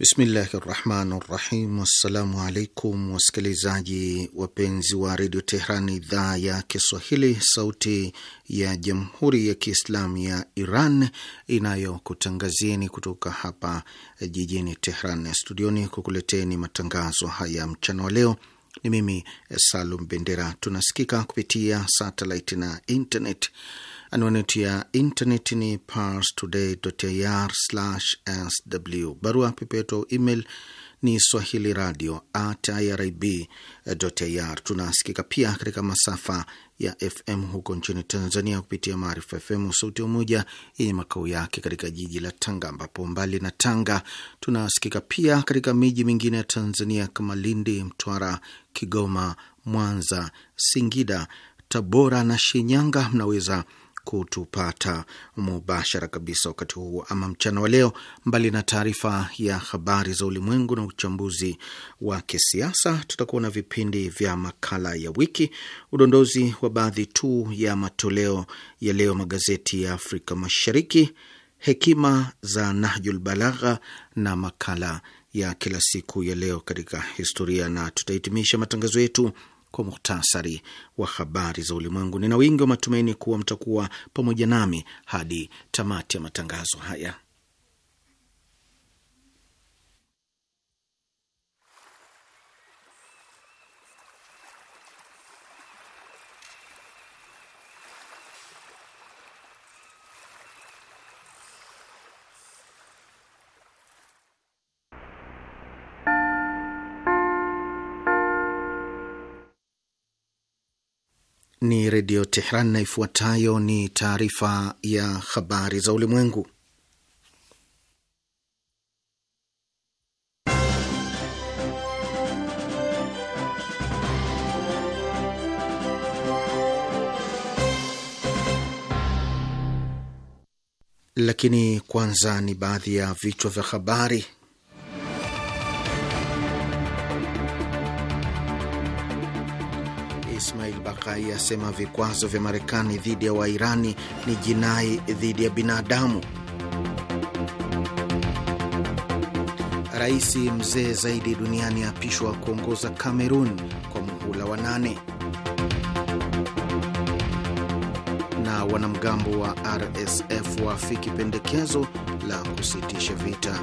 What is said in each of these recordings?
Bismillahi rahmani rahim. Wassalamu alaikum wasikilizaji wapenzi wa redio Tehran, idhaa ya Kiswahili, sauti ya jamhuri ya Kiislamu ya Iran inayokutangazieni kutoka hapa jijini Tehran studioni kukuleteni matangazo haya mchana wa leo. Ni mimi Salum Bendera. Tunasikika kupitia satelit na internet. Anwani ya intaneti ni parstoday.ir/sw. Barua pepeto email ni swahili radio at irib.ir. Tunasikika pia katika masafa ya FM huko nchini Tanzania kupitia Maarifa FM Sauti ya Umoja yenye makao yake katika jiji la Tanga, ambapo mbali na Tanga tunasikika pia katika miji mingine ya Tanzania kama Lindi, Mtwara, Kigoma, Mwanza, Singida, Tabora na Shinyanga. Mnaweza kutupata mubashara kabisa wakati huu ama mchana wa leo. Mbali na taarifa ya habari za ulimwengu na uchambuzi wa kisiasa, tutakuwa na vipindi vya makala ya wiki, udondozi wa baadhi tu ya matoleo ya leo magazeti ya Afrika Mashariki, hekima za Nahjul Balagha na makala ya kila siku ya leo katika historia, na tutahitimisha matangazo yetu kwa muhtasari wa habari za ulimwengu. Nina wingi wa matumaini kuwa mtakuwa pamoja nami hadi tamati ya matangazo haya. Redio Tehran, na ifuatayo ni taarifa ya habari za ulimwengu. Lakini kwanza ni baadhi ya vichwa vya habari. Rakai asema vikwazo vya Marekani dhidi ya Wairani ni jinai dhidi ya binadamu. Rais mzee zaidi duniani apishwa kuongoza Kamerun kwa muhula wa nane. Na wanamgambo wa RSF waafiki pendekezo la kusitisha vita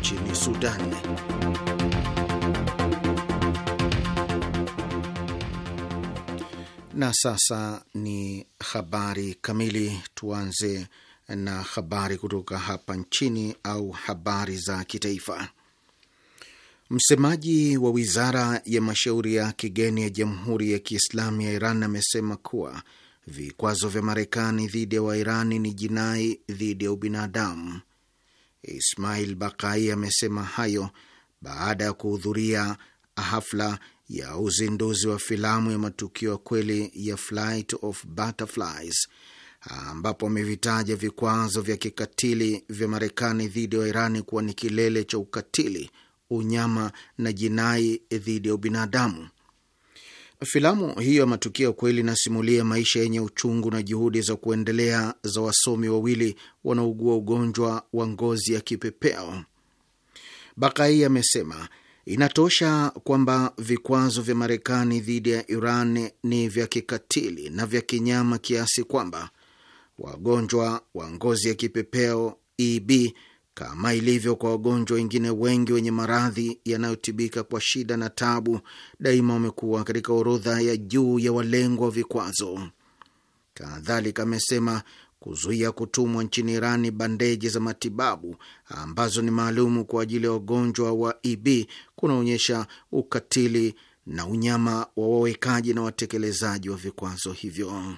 nchini Sudan. Na sasa ni habari kamili. Tuanze na habari kutoka hapa nchini au habari za kitaifa. Msemaji wa wizara ya mashauri ya kigeni ya Jamhuri ya Kiislamu ya Iran amesema kuwa vikwazo vya Marekani dhidi ya Wairani ni jinai dhidi ya ubinadamu. Ismail Bakai amesema hayo baada ya kuhudhuria hafla ya uzinduzi wa filamu ya matukio ya kweli ya Flight of Butterflies ambapo amevitaja vikwazo vya kikatili vya Marekani dhidi ya Irani kuwa ni kilele cha ukatili, unyama na jinai dhidi ya ubinadamu. Filamu hiyo ya matukio ya kweli inasimulia maisha yenye uchungu na juhudi za kuendelea za wasomi wawili wanaougua ugonjwa wa ngozi ya kipepeo. Bakai amesema Inatosha kwamba vikwazo vya Marekani dhidi ya Iran ni vya kikatili na vya kinyama kiasi kwamba wagonjwa wa ngozi ya kipepeo EB, kama ilivyo kwa wagonjwa wengine wengi wenye maradhi yanayotibika kwa shida na tabu, daima wamekuwa katika orodha ya juu ya walengwa wa vikwazo. Kadhalika amesema kuzuia kutumwa nchini Irani bandeji za matibabu ambazo ni maalumu kwa ajili ya wagonjwa wa EB kunaonyesha ukatili na unyama wa wawekaji na watekelezaji wa vikwazo hivyo.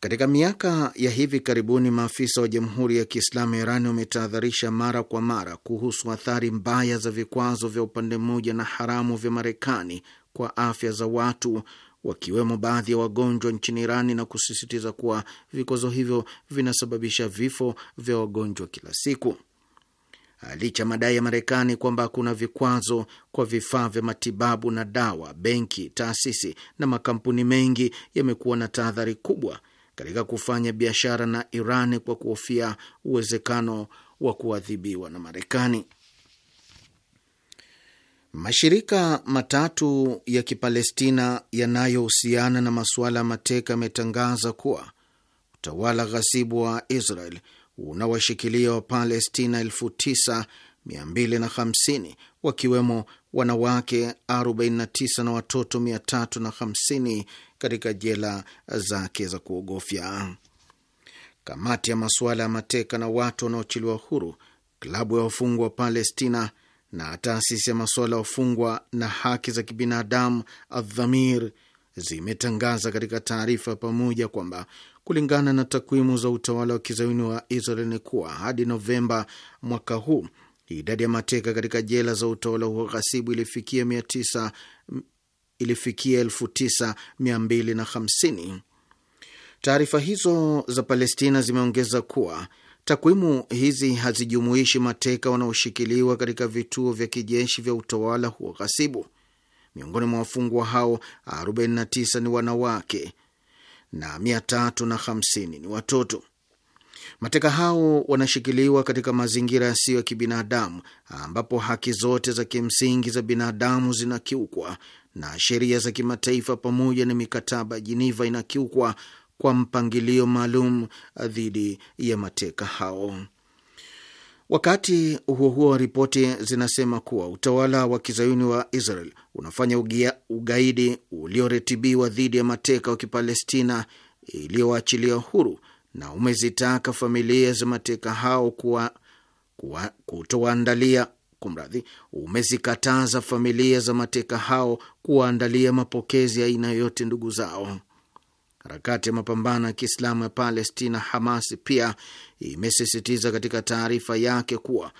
Katika miaka ya hivi karibuni, maafisa wa Jamhuri ya Kiislamu ya Irani wametahadharisha mara kwa mara kuhusu athari mbaya za vikwazo vya upande mmoja na haramu vya Marekani kwa afya za watu wakiwemo baadhi ya wagonjwa nchini Irani na kusisitiza kuwa vikwazo hivyo vinasababisha vifo vya wagonjwa kila siku. Licha madai ya Marekani kwamba kuna vikwazo kwa vifaa vya matibabu na dawa, benki, taasisi na makampuni mengi yamekuwa na tahadhari kubwa katika kufanya biashara na Irani kwa kuhofia uwezekano wa kuadhibiwa na Marekani. Mashirika matatu ya Kipalestina yanayohusiana na masuala ya mateka yametangaza kuwa utawala ghasibu wa Israel unawashikilia Wapalestina 9250 wakiwemo wanawake 49 na watoto 350 katika jela zake za kuogofya. Kamati ya masuala ya mateka na watu wanaochiliwa huru, klabu ya wafungwa wa Palestina na taasisi ya masuala ya ufungwa na haki za kibinadamu Adhamir zimetangaza katika taarifa pamoja kwamba kulingana na takwimu za utawala wa kizayuni wa Israel ni kuwa hadi Novemba mwaka huu idadi ya mateka katika jela za utawala huo ghasibu ilifikia mia tisa ilifikia elfu tisa mia mbili na hamsini. Taarifa hizo za Palestina zimeongeza kuwa Takwimu hizi hazijumuishi mateka wanaoshikiliwa katika vituo vya kijeshi vya utawala huo ghasibu. Miongoni mwa wafungwa hao 49 ni wanawake na 350 ni watoto. Mateka hao wanashikiliwa katika mazingira yasiyo ya kibinadamu, ambapo haki zote za kimsingi za binadamu zinakiukwa na sheria za kimataifa pamoja na mikataba ya Jiniva inakiukwa kwa mpangilio maalum dhidi ya mateka hao. Wakati huo huo, ripoti zinasema kuwa utawala wa kizayuni wa Israel unafanya ugia, ugaidi ulioratibiwa dhidi ya mateka wa Kipalestina iliyoachilia huru na umezitaka familia za mateka hao kuwa, kuwa, kutowaandalia kumradhi, umezikataza familia za mateka hao kuwaandalia mapokezi aina yoyote ndugu zao. Harakati ya mapambano ya Kiislamu ya Palestina, Hamas, pia imesisitiza katika taarifa yake kuwa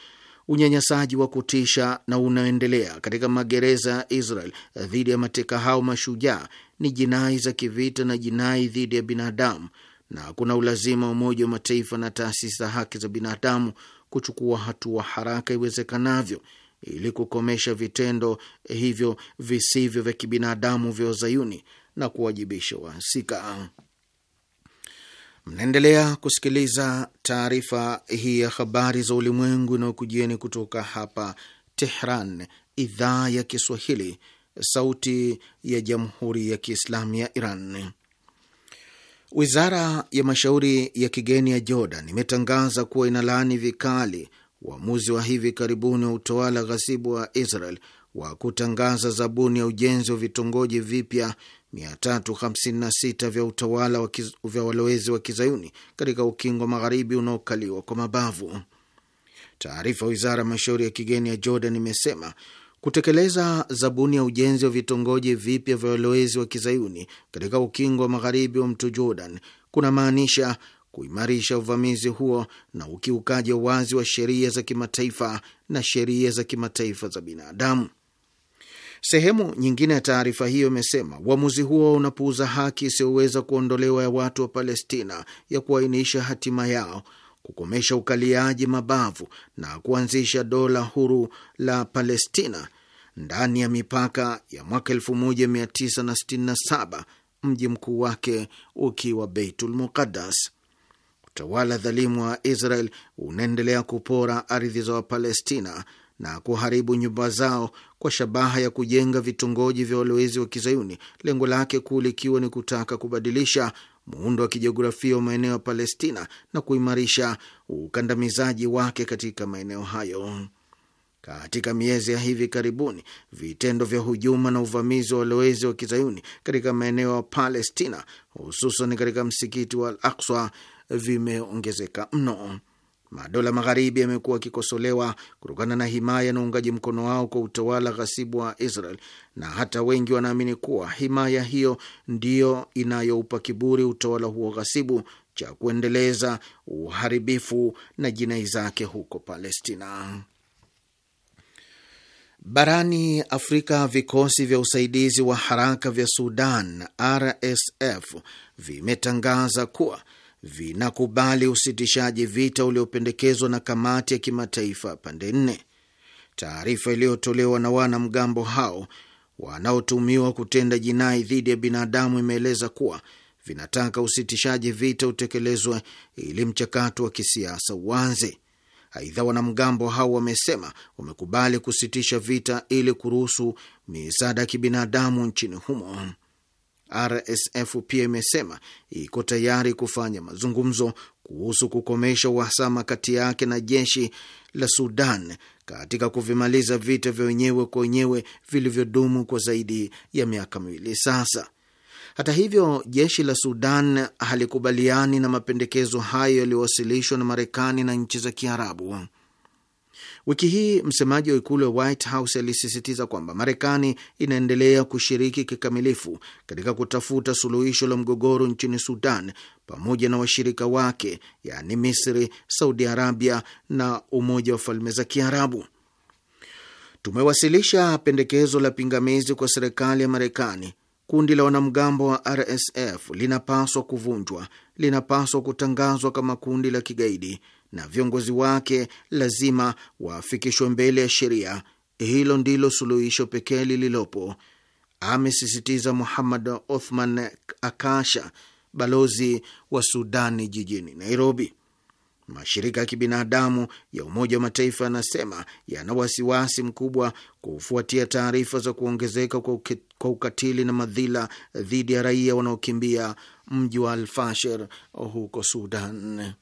unyanyasaji wa kutisha na unaoendelea katika magereza ya Israel dhidi ya mateka hao mashujaa ni jinai za kivita na jinai dhidi ya binadamu, na kuna ulazima wa Umoja wa Mataifa na taasisi za haki za binadamu kuchukua hatua haraka iwezekanavyo ili kukomesha vitendo hivyo visivyo vya kibinadamu vya Wazayuni na kuwajibisha wahusika. Mnaendelea kusikiliza taarifa hii ya habari za ulimwengu inayokujieni kutoka hapa Tehran, idhaa ya Kiswahili, sauti ya jamhuri ya kiislamu ya Iran. Wizara ya mashauri ya kigeni ya Jordan imetangaza kuwa inalaani vikali uamuzi wa hivi karibuni wa utawala ghasibu wa Israel wa kutangaza zabuni ya ujenzi wa vitongoji vipya 356 vya utawala wa kiz, vya walowezi wa kizayuni katika ukingo magharibi unaokaliwa kwa mabavu. Taarifa wizara ya mashauri ya kigeni ya Jordan imesema kutekeleza zabuni ya ujenzi wa vitongoji vipya vya walowezi wa kizayuni katika ukingo wa magharibi wa mto Jordan kuna maanisha kuimarisha uvamizi huo na ukiukaji wa wazi wa sheria za kimataifa na sheria za kimataifa za binadamu. Sehemu nyingine ya taarifa hiyo imesema uamuzi huo unapuuza haki isiyoweza kuondolewa ya watu wa Palestina ya kuainisha hatima yao, kukomesha ukaliaji mabavu na kuanzisha dola huru la Palestina ndani ya mipaka ya mwaka 1967 mji mkuu wake ukiwa Beitul Muqaddas. Utawala dhalimu wa Israel unaendelea kupora ardhi za Wapalestina na kuharibu nyumba zao kwa shabaha ya kujenga vitongoji vya walowezi wa Kizayuni, lengo lake kuu likiwa ni kutaka kubadilisha muundo wa kijiografia wa maeneo ya Palestina na kuimarisha ukandamizaji wake katika maeneo hayo. Katika miezi ya hivi karibuni, vitendo vya hujuma na uvamizi wa walowezi wa Kizayuni katika maeneo ya Palestina, hususan katika msikiti wa Al Akswa, vimeongezeka mno madola magharibi yamekuwa yakikosolewa kutokana na himaya na uungaji mkono wao kwa utawala ghasibu wa Israel, na hata wengi wanaamini kuwa himaya hiyo ndiyo inayoupa kiburi utawala huo ghasibu cha kuendeleza uharibifu na jinai zake huko Palestina. Barani Afrika, vikosi vya usaidizi wa haraka vya Sudan, RSF, vimetangaza kuwa vinakubali usitishaji vita uliopendekezwa na kamati ya kimataifa pande nne. Taarifa iliyotolewa na wanamgambo hao wanaotumiwa kutenda jinai dhidi ya binadamu imeeleza kuwa vinataka usitishaji vita utekelezwe ili mchakato wa kisiasa uanze. Aidha, wanamgambo hao wamesema wamekubali kusitisha vita ili kuruhusu misaada ya kibinadamu nchini humo. RSF pia imesema iko tayari kufanya mazungumzo kuhusu kukomesha uhasama kati yake na jeshi la Sudan katika kuvimaliza vita vya wenyewe kwa wenyewe vilivyodumu kwa zaidi ya miaka miwili sasa. Hata hivyo, jeshi la Sudan halikubaliani na mapendekezo hayo yaliyowasilishwa na Marekani na nchi za Kiarabu. Wiki hii msemaji wa ikulu ya White House alisisitiza kwamba Marekani inaendelea kushiriki kikamilifu katika kutafuta suluhisho la mgogoro nchini Sudan pamoja na washirika wake, yaani Misri, Saudi Arabia na Umoja wa Falme za Kiarabu. Tumewasilisha pendekezo la pingamizi kwa serikali ya Marekani. Kundi la wanamgambo wa RSF linapaswa kuvunjwa, linapaswa kutangazwa kama kundi la kigaidi na viongozi wake lazima wafikishwe mbele ya sheria. Hilo ndilo suluhisho pekee lililopo, amesisitiza Muhammad Othman Akasha, balozi wa Sudani jijini Nairobi. Mashirika ya kibinadamu ya Umoja wa Mataifa yanasema yana wasiwasi mkubwa kufuatia taarifa za kuongezeka kwa ukatili na madhila dhidi ya raia wanaokimbia mji wa alfasher huko Sudan.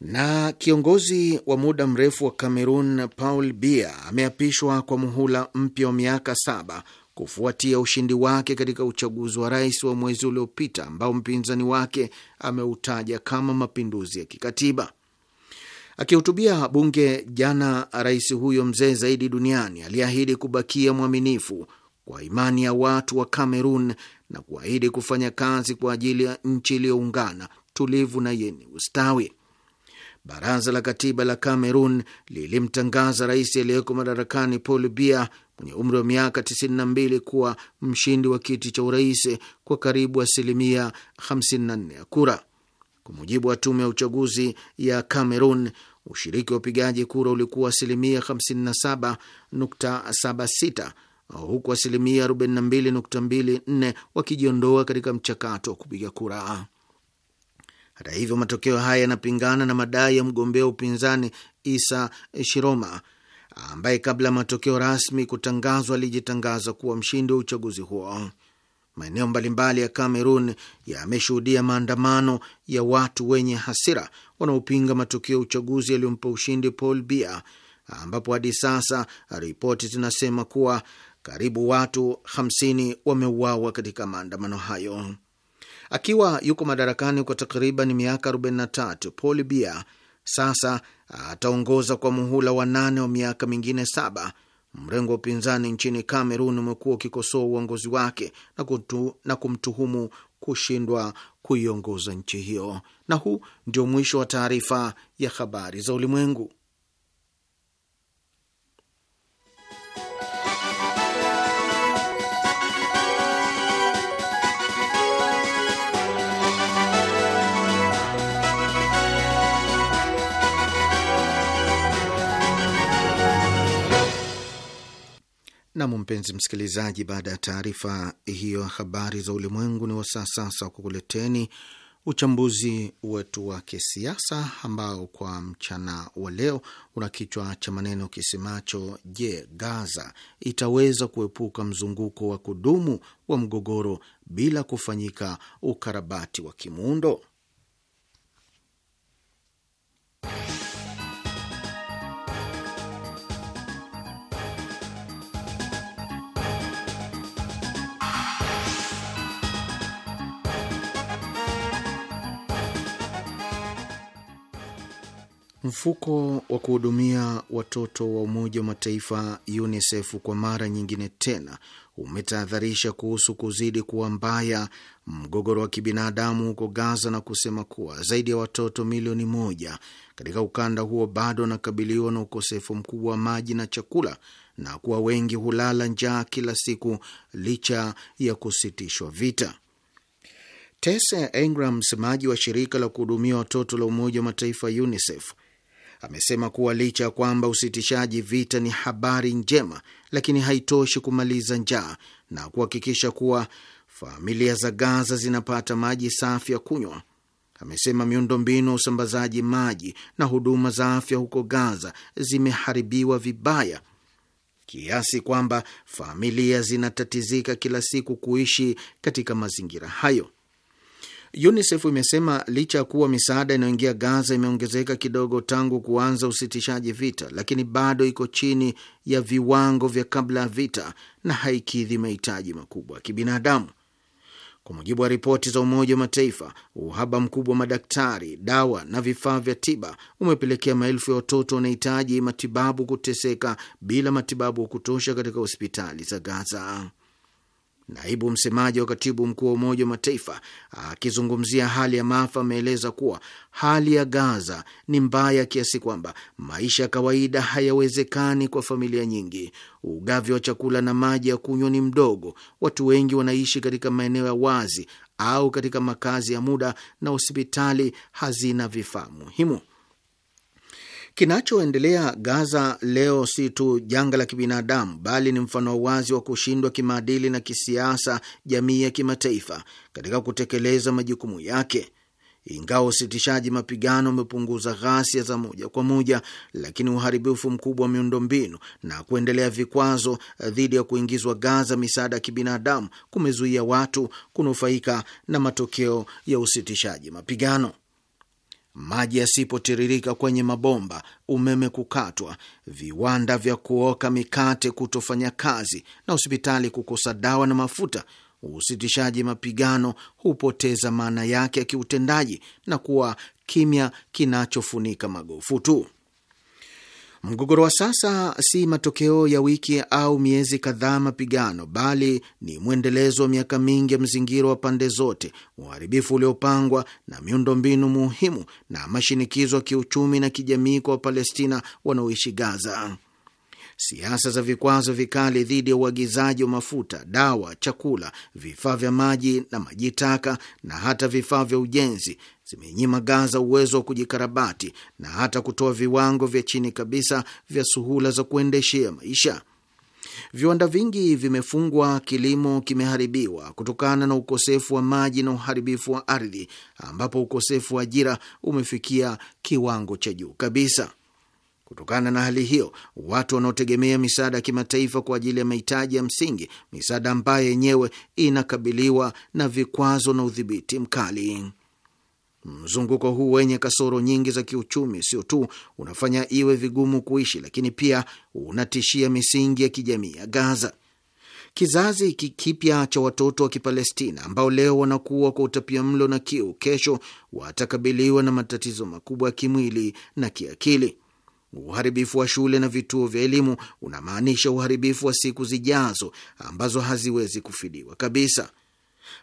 Na kiongozi wa muda mrefu wa Kamerun Paul Bia ameapishwa kwa muhula mpya wa miaka saba kufuatia ushindi wake katika uchaguzi wa rais wa mwezi uliopita ambao mpinzani wake ameutaja kama mapinduzi ya kikatiba. Akihutubia bunge jana, rais huyo mzee zaidi duniani aliahidi kubakia mwaminifu kwa imani ya watu wa Kamerun na kuahidi kufanya kazi kwa ajili ya nchi iliyoungana, tulivu na yenye ustawi. Baraza la Katiba la cameroon lilimtangaza rais aliyeko madarakani Paul Biya mwenye umri wa miaka 92 kuwa mshindi wa kiti cha urais kwa karibu asilimia 54 ya kura. Kwa mujibu wa tume ya uchaguzi ya cameroon ushiriki wa upigaji kura ulikuwa asilimia 57.76 huku asilimia 42.24 wakijiondoa katika mchakato wa kupiga kura. Hata hivyo, matokeo haya yanapingana na madai ya mgombea upinzani Isa Shiroma ambaye kabla ya matokeo rasmi kutangazwa alijitangaza kuwa mshindi wa uchaguzi huo. Maeneo mbalimbali ya Kamerun yameshuhudia maandamano ya watu wenye hasira wanaopinga matokeo ya uchaguzi yaliyompa ushindi Paul bia ambapo hadi sasa ripoti zinasema kuwa karibu watu 50 wameuawa katika maandamano hayo. Akiwa yuko madarakani kwa takriban miaka 43, Paul bia sasa ataongoza kwa muhula wa nane wa miaka mingine saba. Mrengo wa upinzani nchini Kamerun umekuwa ukikosoa uongozi wake na, kutu, na kumtuhumu kushindwa kuiongoza nchi hiyo. Na huu ndio mwisho wa taarifa ya habari za ulimwengu. Nam, mpenzi msikilizaji, baada ya taarifa hiyo habari za ulimwengu, ni wasaa sasa wa kukuleteni uchambuzi wetu wa kisiasa ambao kwa mchana wa leo una kichwa cha maneno kisemacho: Je, Gaza itaweza kuepuka mzunguko wa kudumu wa mgogoro bila kufanyika ukarabati wa kimuundo? Mfuko wa kuhudumia watoto wa Umoja wa Mataifa UNICEF kwa mara nyingine tena umetahadharisha kuhusu kuzidi kuwa mbaya mgogoro wa kibinadamu huko Gaza na kusema kuwa zaidi ya watoto milioni moja katika ukanda huo bado wanakabiliwa na ukosefu mkubwa wa maji na chakula na kuwa wengi hulala njaa kila siku licha ya kusitishwa vita. Tessa Ingram, msemaji wa shirika la kuhudumia watoto la Umoja wa Mataifa UNICEF amesema kuwa licha ya kwamba usitishaji vita ni habari njema, lakini haitoshi kumaliza njaa na kuhakikisha kuwa familia za Gaza zinapata maji safi ya kunywa. Amesema miundombinu ya usambazaji maji na huduma za afya huko Gaza zimeharibiwa vibaya kiasi kwamba familia zinatatizika kila siku kuishi katika mazingira hayo. UNICEF imesema licha ya kuwa misaada inayoingia Gaza imeongezeka kidogo tangu kuanza usitishaji vita, lakini bado iko chini ya viwango vya kabla ya vita na haikidhi mahitaji makubwa ya kibinadamu. Kwa mujibu wa ripoti za Umoja wa Mataifa, uhaba mkubwa wa madaktari, dawa na vifaa vya tiba umepelekea maelfu ya watoto wanahitaji matibabu kuteseka bila matibabu ya kutosha katika hospitali za Gaza. Naibu msemaji wa katibu mkuu wa Umoja wa Mataifa akizungumzia hali ya maafa ameeleza kuwa hali ya Gaza ni mbaya kiasi kwamba maisha ya kawaida hayawezekani kwa familia nyingi. Ugavi wa chakula na maji ya kunywa ni mdogo. Watu wengi wanaishi katika maeneo ya wazi au katika makazi ya muda, na hospitali hazina vifaa muhimu. Kinachoendelea Gaza leo si tu janga la kibinadamu, bali ni mfano wazi wa kushindwa kimaadili na kisiasa jamii ya kimataifa katika kutekeleza majukumu yake. Ingawa usitishaji mapigano umepunguza ghasia za moja kwa moja, lakini uharibifu mkubwa wa miundombinu na kuendelea vikwazo dhidi ya kuingizwa Gaza misaada ya kibinadamu kumezuia watu kunufaika na matokeo ya usitishaji mapigano maji yasipotiririka kwenye mabomba, umeme kukatwa, viwanda vya kuoka mikate kutofanya kazi, na hospitali kukosa dawa na mafuta, usitishaji mapigano hupoteza maana yake ya kiutendaji na kuwa kimya kinachofunika magofu tu. Mgogoro wa sasa si matokeo ya wiki au miezi kadhaa mapigano, bali ni mwendelezo wa miaka mingi ya mzingiro wa pande zote, uharibifu uliopangwa na miundombinu muhimu, na mashinikizo ya kiuchumi na kijamii kwa Wapalestina wanaoishi Gaza. Siasa za vikwazo vikali dhidi ya uagizaji wa mafuta, dawa, chakula, vifaa vya maji na maji taka, na hata vifaa vya ujenzi zimeinyima Gaza uwezo wa kujikarabati na hata kutoa viwango vya chini kabisa vya suhula za kuendeshea maisha. Viwanda vingi vimefungwa, kilimo kimeharibiwa kutokana na ukosefu wa maji na uharibifu wa ardhi, ambapo ukosefu wa ajira umefikia kiwango cha juu kabisa. Kutokana na hali hiyo, watu wanaotegemea misaada ya kimataifa kwa ajili ya mahitaji ya msingi, misaada ambayo yenyewe inakabiliwa na vikwazo na udhibiti mkali. Mzunguko huu wenye kasoro nyingi za kiuchumi sio tu unafanya iwe vigumu kuishi, lakini pia unatishia misingi ya kijamii ya Gaza. Kizazi kipya cha watoto wa Kipalestina ambao leo wanakuwa kwa utapia mlo na kiu, kesho watakabiliwa na matatizo makubwa ya kimwili na kiakili. Uharibifu wa shule na vituo vya elimu unamaanisha uharibifu wa siku zijazo ambazo haziwezi kufidiwa kabisa.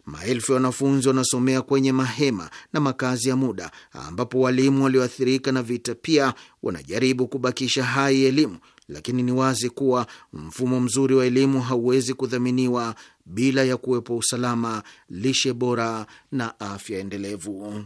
Maelfu ya wanafunzi wanasomea kwenye mahema na makazi ya muda, ambapo walimu walioathirika na vita pia wanajaribu kubakisha hai elimu, lakini ni wazi kuwa mfumo mzuri wa elimu hauwezi kudhaminiwa bila ya kuwepo usalama, lishe bora na afya endelevu.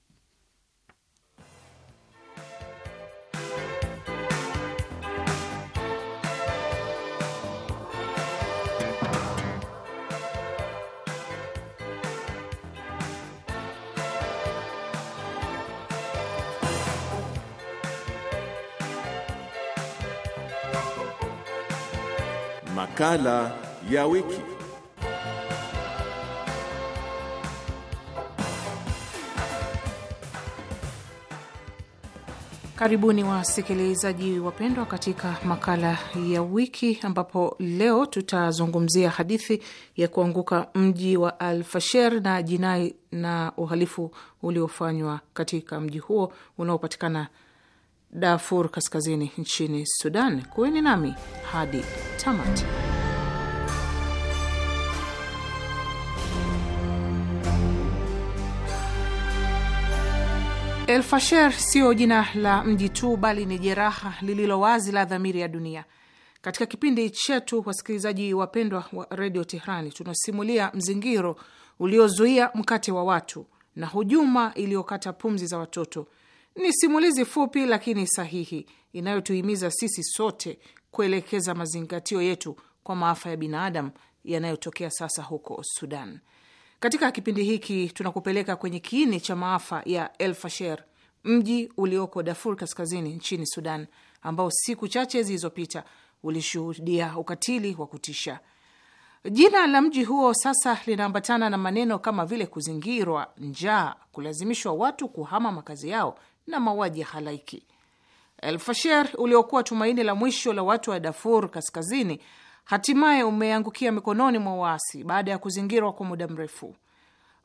Makala ya wiki. Karibuni wasikilizaji wapendwa, katika makala ya wiki ambapo leo tutazungumzia hadithi ya kuanguka mji wa Al-Fasher na jinai na uhalifu uliofanywa katika mji huo unaopatikana Darfur Kaskazini nchini Sudan. Kuweni nami hadi tamati. El Fasher jina la mji tu, bali ni jeraha lililo wazi la dhamiri ya dunia. Katika kipindi chetu, wasikilizaji wapendwa wa redio Tehrani, tunasimulia mzingiro uliozuia mkate wa watu na hujuma iliyokata pumzi za watoto ni simulizi fupi lakini sahihi inayotuhimiza sisi sote kuelekeza mazingatio yetu kwa maafa ya binadamu yanayotokea sasa huko Sudan. Katika kipindi hiki tunakupeleka kwenye kiini cha maafa ya El Fasher, mji ulioko Darfur kaskazini nchini Sudan, ambao siku chache zilizopita ulishuhudia ukatili wa kutisha. Jina la mji huo sasa linaambatana na maneno kama vile kuzingirwa, njaa, kulazimishwa watu kuhama makazi yao na mauaji ya halaiki. elfasher uliokuwa tumaini la mwisho la watu wa Darfur Kaskazini hatimaye umeangukia mikononi mwa waasi baada ya kuzingirwa kwa muda mrefu.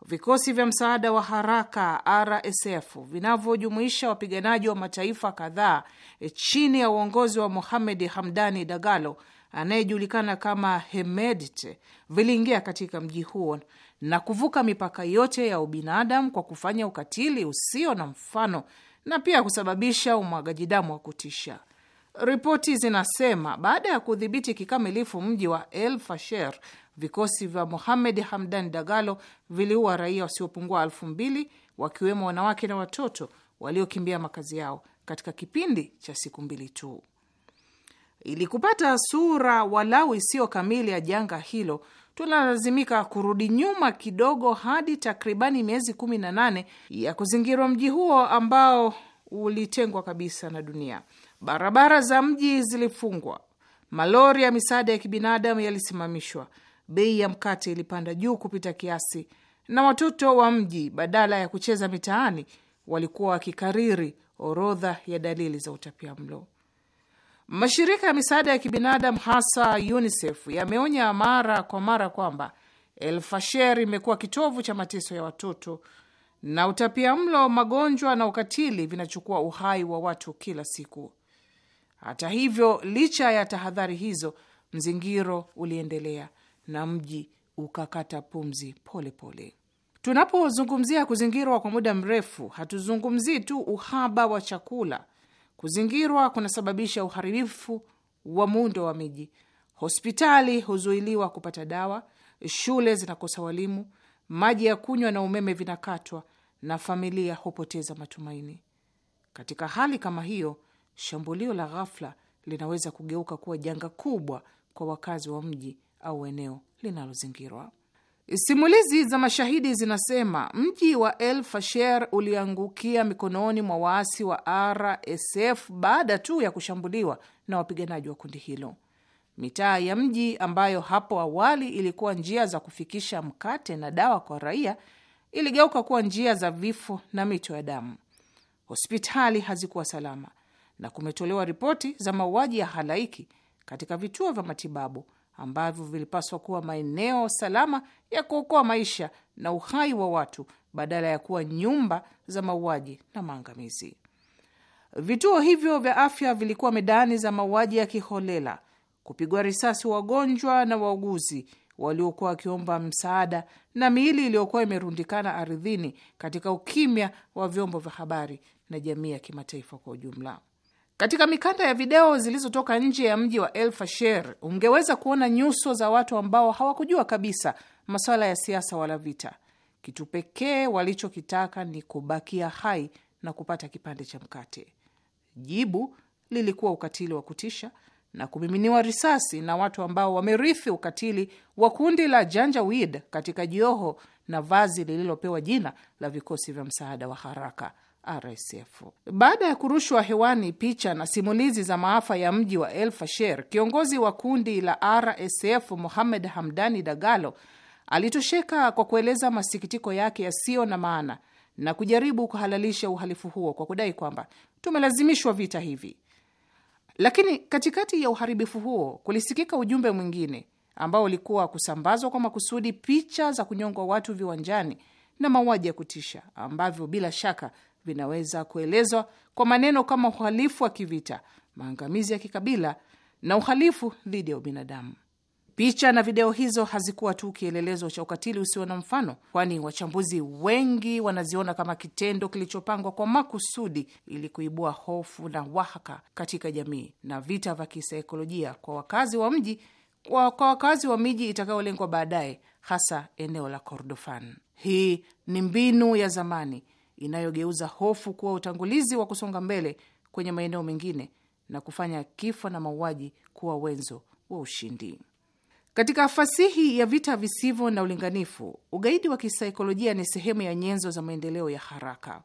Vikosi vya msaada wa haraka RSF vinavyojumuisha wapiganaji wa mataifa kadhaa eh, chini ya uongozi wa Mohamed Hamdani Dagalo anayejulikana kama Hemedti viliingia katika mji huo na kuvuka mipaka yote ya ubinadamu kwa kufanya ukatili usio na mfano na pia kusababisha umwagaji damu wa kutisha. Ripoti zinasema baada ya kudhibiti kikamilifu mji wa El Fasher, vikosi vya Mohamed Hamdan Dagalo viliua raia wasiopungua elfu mbili wakiwemo wanawake na watoto waliokimbia makazi yao katika kipindi cha siku mbili tu. Ili kupata sura walau isiyo kamili ya janga hilo, tunalazimika kurudi nyuma kidogo hadi takribani miezi kumi na nane ya kuzingirwa mji huo ambao ulitengwa kabisa na dunia. Barabara za mji zilifungwa, malori ya misaada ya kibinadamu yalisimamishwa, bei ya mkate ilipanda juu kupita kiasi, na watoto wa mji badala ya kucheza mitaani walikuwa wakikariri orodha ya dalili za utapia mlo. Mashirika ya misaada ya kibinadamu hasa UNICEF yameonya mara kwa mara kwamba El Fasher imekuwa kitovu cha mateso ya watoto na utapia mlo, magonjwa na ukatili vinachukua uhai wa watu kila siku. Hata hivyo, licha ya tahadhari hizo, mzingiro uliendelea na mji ukakata pumzi polepole. Tunapozungumzia kuzingirwa kwa muda mrefu, hatuzungumzii tu uhaba wa chakula Kuzingirwa kunasababisha uharibifu wa muundo wa miji, hospitali huzuiliwa kupata dawa, shule zinakosa walimu, maji ya kunywa na umeme vinakatwa na familia hupoteza matumaini. Katika hali kama hiyo, shambulio la ghafla linaweza kugeuka kuwa janga kubwa kwa wakazi wa mji au eneo linalozingirwa. Simulizi za mashahidi zinasema mji wa El Fasher uliangukia mikononi mwa waasi wa RSF baada tu ya kushambuliwa na wapiganaji wa kundi hilo. Mitaa ya mji ambayo hapo awali ilikuwa njia za kufikisha mkate na dawa kwa raia iligeuka kuwa njia za vifo na mito ya damu. Hospitali hazikuwa salama na kumetolewa ripoti za mauaji ya halaiki katika vituo vya matibabu ambavyo vilipaswa kuwa maeneo salama ya kuokoa maisha na uhai wa watu badala ya kuwa nyumba za mauaji na maangamizi. Vituo hivyo vya afya vilikuwa medani za mauaji ya kiholela, kupigwa risasi wagonjwa na wauguzi waliokuwa wakiomba msaada na miili iliyokuwa imerundikana ardhini katika ukimya wa vyombo vya habari na jamii ya kimataifa kwa ujumla. Katika mikanda ya video zilizotoka nje ya mji wa El Fasher ungeweza kuona nyuso za watu ambao hawakujua kabisa masuala ya siasa wala vita. Kitu pekee walichokitaka ni kubakia hai na kupata kipande cha mkate. Jibu lilikuwa ukatili wa kutisha na kumiminiwa risasi na watu ambao wamerithi ukatili wa kundi la Janjaweed katika joho na vazi lililopewa jina la vikosi vya msaada wa haraka. RSF. Baada ya kurushwa hewani picha na simulizi za maafa ya mji wa El Fasher, kiongozi wa kundi la RSF Mohamed Hamdani Dagalo alitosheka kwa kueleza masikitiko yake yasiyo na maana na kujaribu kuhalalisha uhalifu huo kwa kudai kwamba tumelazimishwa vita hivi. Lakini katikati ya uharibifu huo kulisikika ujumbe mwingine ambao ulikuwa kusambazwa kwa makusudi picha za kunyongwa watu viwanjani na mauaji ya kutisha ambavyo bila shaka vinaweza kuelezwa kwa maneno kama uhalifu wa kivita, maangamizi ya kikabila na uhalifu dhidi ya ubinadamu. Picha na video hizo hazikuwa tu kielelezo cha ukatili usio na mfano, kwani wachambuzi wengi wanaziona kama kitendo kilichopangwa kwa makusudi ili kuibua hofu na wahaka katika jamii na vita vya kisaikolojia kwa wakazi wa mji kwa, kwa wakazi wa miji itakayolengwa baadaye, hasa eneo la Kordofan. Hii ni mbinu ya zamani inayogeuza hofu kuwa utangulizi wa kusonga mbele kwenye maeneo mengine na kufanya kifo na mauaji kuwa wenzo wa ushindi. Katika fasihi ya vita visivyo na ulinganifu, ugaidi wa kisaikolojia ni sehemu ya nyenzo za maendeleo ya haraka.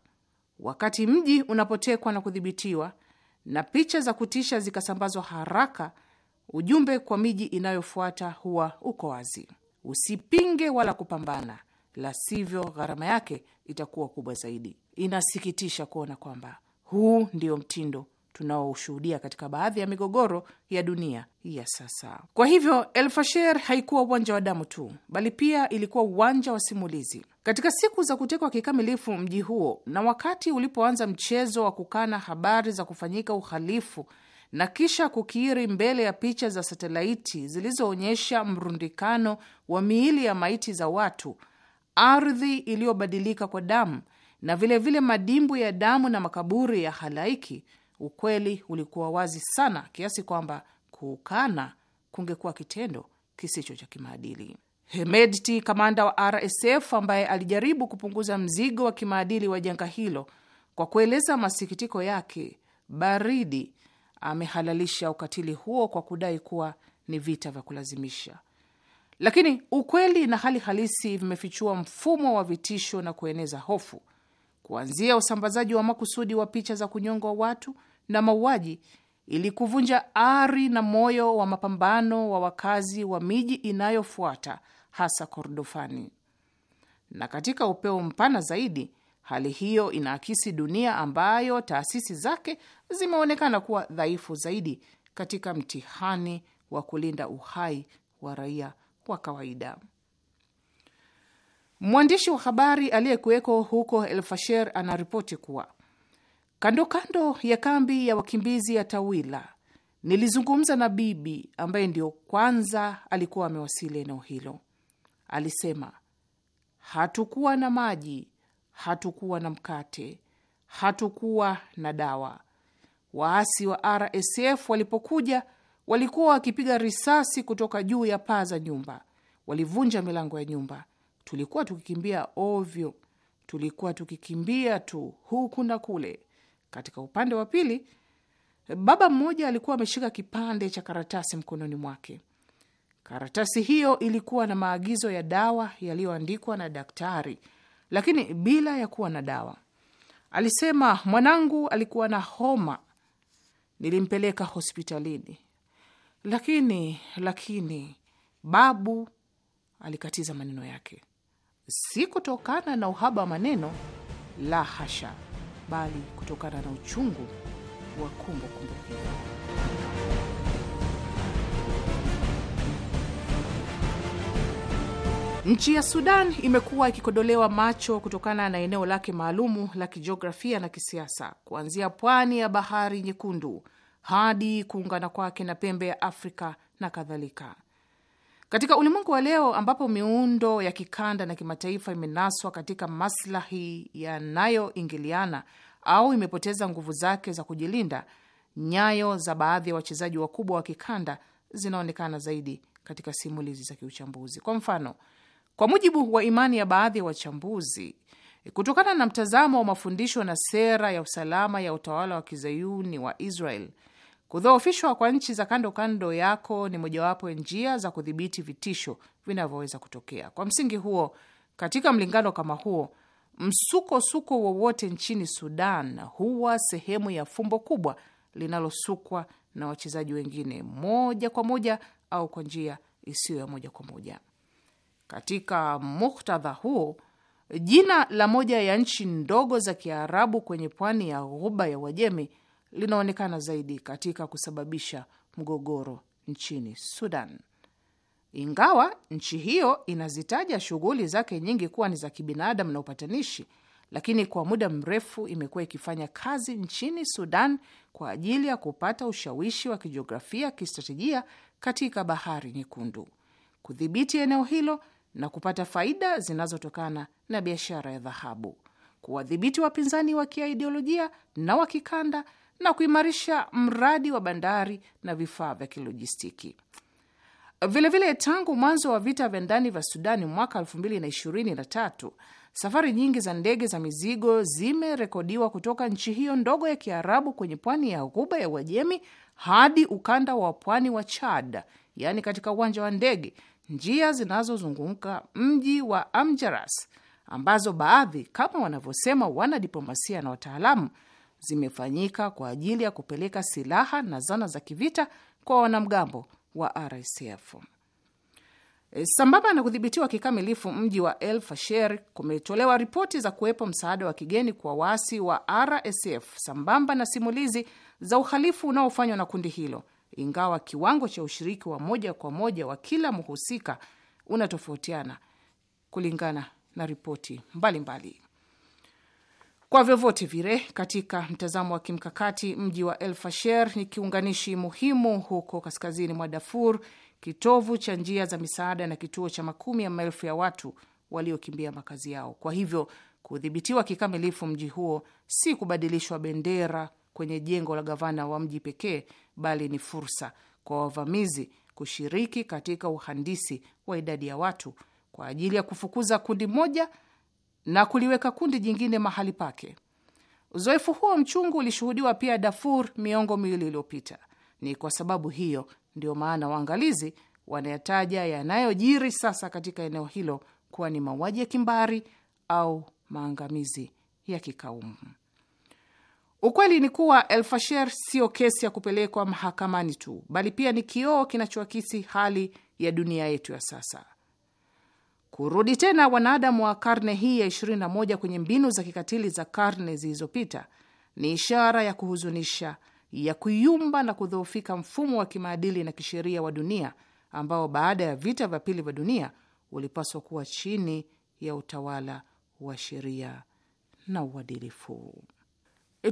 Wakati mji unapotekwa na kudhibitiwa na picha za kutisha zikasambazwa haraka, ujumbe kwa miji inayofuata huwa uko wazi: usipinge wala kupambana, la sivyo gharama yake itakuwa kubwa zaidi. Inasikitisha kuona kwamba huu ndio mtindo tunaoshuhudia katika baadhi ya migogoro ya dunia ya sasa. Kwa hivyo, El Fasher haikuwa uwanja wa damu tu, bali pia ilikuwa uwanja wa simulizi. Katika siku za kutekwa kikamilifu mji huo na wakati ulipoanza mchezo wa kukana habari za kufanyika uhalifu na kisha kukiri mbele ya picha za satelaiti zilizoonyesha mrundikano wa miili ya maiti za watu ardhi iliyobadilika kwa damu na vilevile vile madimbu ya damu na makaburi ya halaiki, ukweli ulikuwa wazi sana kiasi kwamba kuukana kungekuwa kitendo kisicho cha kimaadili. Hemedti, kamanda wa RSF ambaye alijaribu kupunguza mzigo wa kimaadili wa janga hilo kwa kueleza masikitiko yake baridi, amehalalisha ukatili huo kwa kudai kuwa ni vita vya kulazimisha. Lakini ukweli na hali halisi vimefichua mfumo wa vitisho na kueneza hofu, kuanzia usambazaji wa makusudi wa picha za kunyongwa watu na mauaji ili kuvunja ari na moyo wa mapambano wa wakazi wa miji inayofuata hasa Kordofani. Na katika upeo mpana zaidi, hali hiyo inaakisi dunia ambayo taasisi zake zimeonekana kuwa dhaifu zaidi katika mtihani wa kulinda uhai wa raia wa kawaida. Mwandishi wa habari aliyekuweko huko Elfasher anaripoti kuwa kando kando ya kambi ya wakimbizi ya Tawila nilizungumza na bibi ambaye ndio kwanza alikuwa amewasili eneo hilo. Alisema hatukuwa na maji, hatukuwa na mkate, hatukuwa na dawa. Waasi wa RSF walipokuja walikuwa wakipiga risasi kutoka juu ya paa za nyumba, walivunja milango ya nyumba. Tulikuwa tukikimbia ovyo, tulikuwa tukikimbia tu huku na kule. Katika upande wa pili, baba mmoja alikuwa ameshika kipande cha karatasi mkononi mwake. Karatasi hiyo ilikuwa na maagizo ya dawa yaliyoandikwa na daktari, lakini bila ya kuwa na dawa. Alisema mwanangu alikuwa na homa, nilimpeleka hospitalini lakini lakini babu alikatiza maneno yake, si kutokana na uhaba wa maneno, la hasha, bali kutokana na uchungu wa kumbukumbu hiyo. Nchi ya Sudan imekuwa ikikodolewa macho kutokana na eneo lake maalumu la kijiografia na kisiasa, kuanzia pwani ya bahari Nyekundu hadi kuungana kwake na pembe ya Afrika na kadhalika. Katika ulimwengu wa leo ambapo miundo ya kikanda na kimataifa imenaswa katika maslahi yanayoingiliana au imepoteza nguvu zake za kujilinda, nyayo za baadhi ya wachezaji wakubwa wa kikanda zinaonekana zaidi katika simulizi za kiuchambuzi. Kwa mfano, kwa mujibu wa imani ya baadhi ya wachambuzi, kutokana na mtazamo wa mafundisho na sera ya usalama ya utawala wa kizayuni wa Israel Kudhoofishwa kwa nchi za kando kando yako ni mojawapo ya njia za kudhibiti vitisho vinavyoweza kutokea. Kwa msingi huo, katika mlingano kama huo, msukosuko wowote nchini Sudan huwa sehemu ya fumbo kubwa linalosukwa na wachezaji wengine moja kwa moja au kwa njia isiyo ya moja kwa moja. Katika muktadha huo, jina la moja ya nchi ndogo za Kiarabu kwenye pwani ya Ghuba ya Uajemi linaonekana zaidi katika kusababisha mgogoro nchini Sudan. Ingawa nchi hiyo inazitaja shughuli zake nyingi kuwa ni za kibinadamu na upatanishi, lakini kwa muda mrefu imekuwa ikifanya kazi nchini Sudan kwa ajili ya kupata ushawishi wa kijiografia, kistratejia katika Bahari Nyekundu, kudhibiti eneo hilo na kupata faida zinazotokana na biashara ya dhahabu, kuwadhibiti wapinzani wa kiaidiolojia na wa kikanda na kuimarisha mradi wa bandari na vifaa vya kilojistiki. Vilevile, tangu mwanzo wa vita vya ndani vya Sudani mwaka 2023 safari nyingi za ndege za mizigo zimerekodiwa kutoka nchi hiyo ndogo ya Kiarabu kwenye pwani ya ghuba ya Uajemi hadi ukanda wa pwani wa Chad, yaani katika uwanja wa ndege, njia zinazozunguka mji wa Amjaras ambazo baadhi, kama wanavyosema wanadiplomasia na wataalamu, zimefanyika kwa ajili ya kupeleka silaha na zana za kivita kwa wanamgambo wa RSF. E, sambamba na kudhibitiwa kikamilifu mji wa El Fasher, kumetolewa ripoti za kuwepo msaada wa kigeni kwa waasi wa RSF sambamba na simulizi za uhalifu unaofanywa na kundi hilo, ingawa kiwango cha ushiriki wa moja kwa moja wa kila mhusika unatofautiana kulingana na ripoti mbalimbali. Kwa vyovyote vile, katika mtazamo wa kimkakati, mji wa El Fasher ni kiunganishi muhimu huko kaskazini mwa Darfur, kitovu cha njia za misaada na kituo cha makumi ya maelfu ya watu waliokimbia makazi yao. Kwa hivyo kudhibitiwa kikamilifu mji huo si kubadilishwa bendera kwenye jengo la gavana wa mji pekee, bali ni fursa kwa wavamizi kushiriki katika uhandisi wa idadi ya watu kwa ajili ya kufukuza kundi moja na kuliweka kundi jingine mahali pake. Uzoefu huo mchungu ulishuhudiwa pia Darfur miongo miwili iliyopita. Ni kwa sababu hiyo ndiyo maana waangalizi wanayataja yanayojiri sasa katika eneo hilo kuwa ni mauaji ya kimbari au maangamizi ya kikaumu. Ukweli ni kuwa Elfasher siyo kesi ya kupelekwa mahakamani tu, bali pia ni kioo kinachoakisi hali ya dunia yetu ya sasa. Kurudi tena wanadamu wa karne hii ya 21 kwenye mbinu za kikatili za karne zilizopita ni ishara ya kuhuzunisha ya kuyumba na kudhoofika mfumo wa kimaadili na kisheria wa dunia ambao baada ya vita vya pili vya dunia ulipaswa kuwa chini ya utawala wa sheria na uadilifu.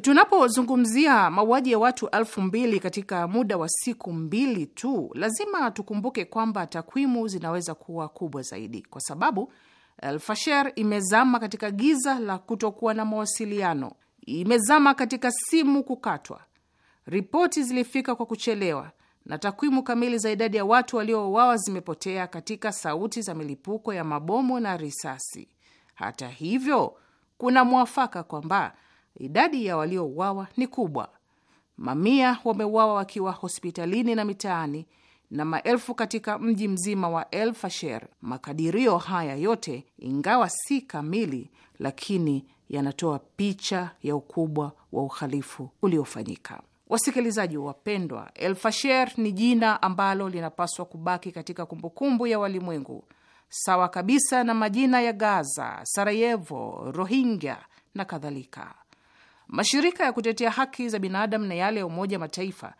Tunapozungumzia mauaji ya watu elfu mbili katika muda wa siku mbili tu, lazima tukumbuke kwamba takwimu zinaweza kuwa kubwa zaidi, kwa sababu Alfasher imezama katika giza la kutokuwa na mawasiliano, imezama katika simu kukatwa, ripoti zilifika kwa kuchelewa, na takwimu kamili za idadi ya watu waliouawa zimepotea katika sauti za milipuko ya mabomu na risasi. Hata hivyo, kuna mwafaka kwamba idadi ya waliouawa ni kubwa. Mamia wameuawa wakiwa hospitalini na mitaani na maelfu katika mji mzima wa El Fasher. Makadirio haya yote, ingawa si kamili, lakini yanatoa picha ya ukubwa wa uhalifu uliofanyika. Wasikilizaji wapendwa, El Fasher ni jina ambalo linapaswa kubaki katika kumbukumbu ya walimwengu, sawa kabisa na majina ya Gaza, Sarajevo, Rohingya na kadhalika. Mashirika ya kutetea haki za binadamu na yale ya Umoja wa Mataifa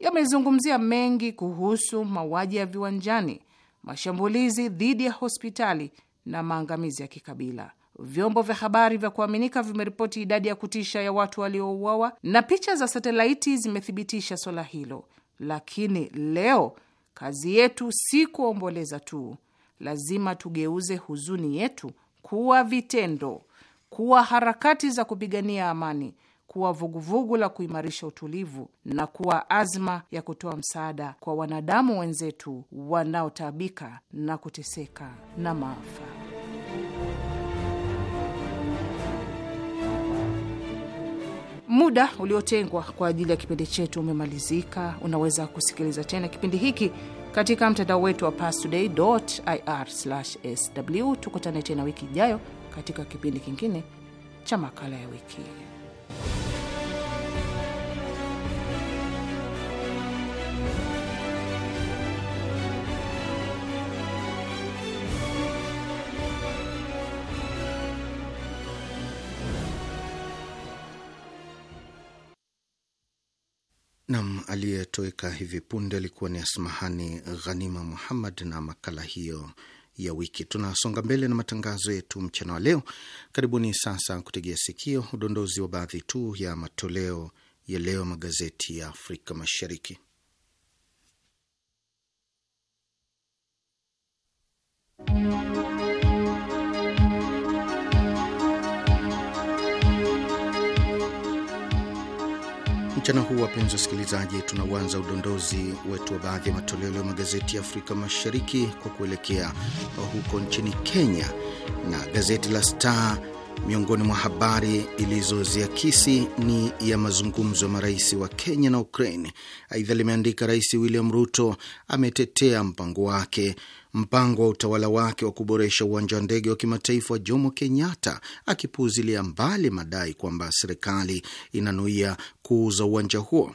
yamezungumzia mengi kuhusu mauaji ya viwanjani, mashambulizi dhidi ya hospitali na maangamizi ya kikabila. Vyombo vya habari vya kuaminika vimeripoti idadi ya kutisha ya watu waliouawa na picha za satelaiti zimethibitisha swala hilo. Lakini leo kazi yetu si kuomboleza tu, lazima tugeuze huzuni yetu kuwa vitendo kuwa harakati za kupigania amani, kuwa vuguvugu la kuimarisha utulivu na kuwa azma ya kutoa msaada kwa wanadamu wenzetu wanaotaabika na kuteseka na maafa. Muda uliotengwa kwa ajili ya kipindi chetu umemalizika. Unaweza kusikiliza tena kipindi hiki katika mtandao wetu wa pastoday.ir/sw. Tukutane tena wiki ijayo katika kipindi kingine cha makala ya wiki Nam, aliyetoweka hivi punde alikuwa ni Asmahani Ghanima Muhammad na makala hiyo ya wiki. Tunasonga mbele na matangazo yetu mchana wa leo. Karibuni sasa kutegea sikio udondozi wa baadhi tu ya matoleo ya leo magazeti ya Afrika Mashariki. Mchana huu wapenzi wasikilizaji, tunauanza udondozi wetu wa baadhi ya matoleo ya magazeti ya Afrika Mashariki kwa kuelekea huko nchini Kenya, na gazeti la Star Miongoni mwa habari ilizoziakisi ni ya mazungumzo ya marais wa Kenya na Ukraine. Aidha limeandika Rais William Ruto ametetea mpango wake mpango wa utawala wake wa kuboresha uwanja wa ndege wa kimataifa wa Jomo Kenyatta, akipuuzilia mbali madai kwamba serikali inanuia kuuza uwanja huo.